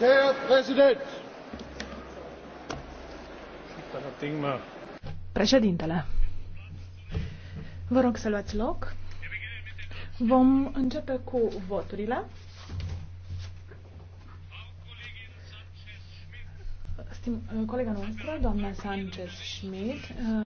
Herr Präsident! Președintele, vă rog să luați loc. Vom începe cu voturile. Stim, colega noastră, doamna Sanchez-Schmidt,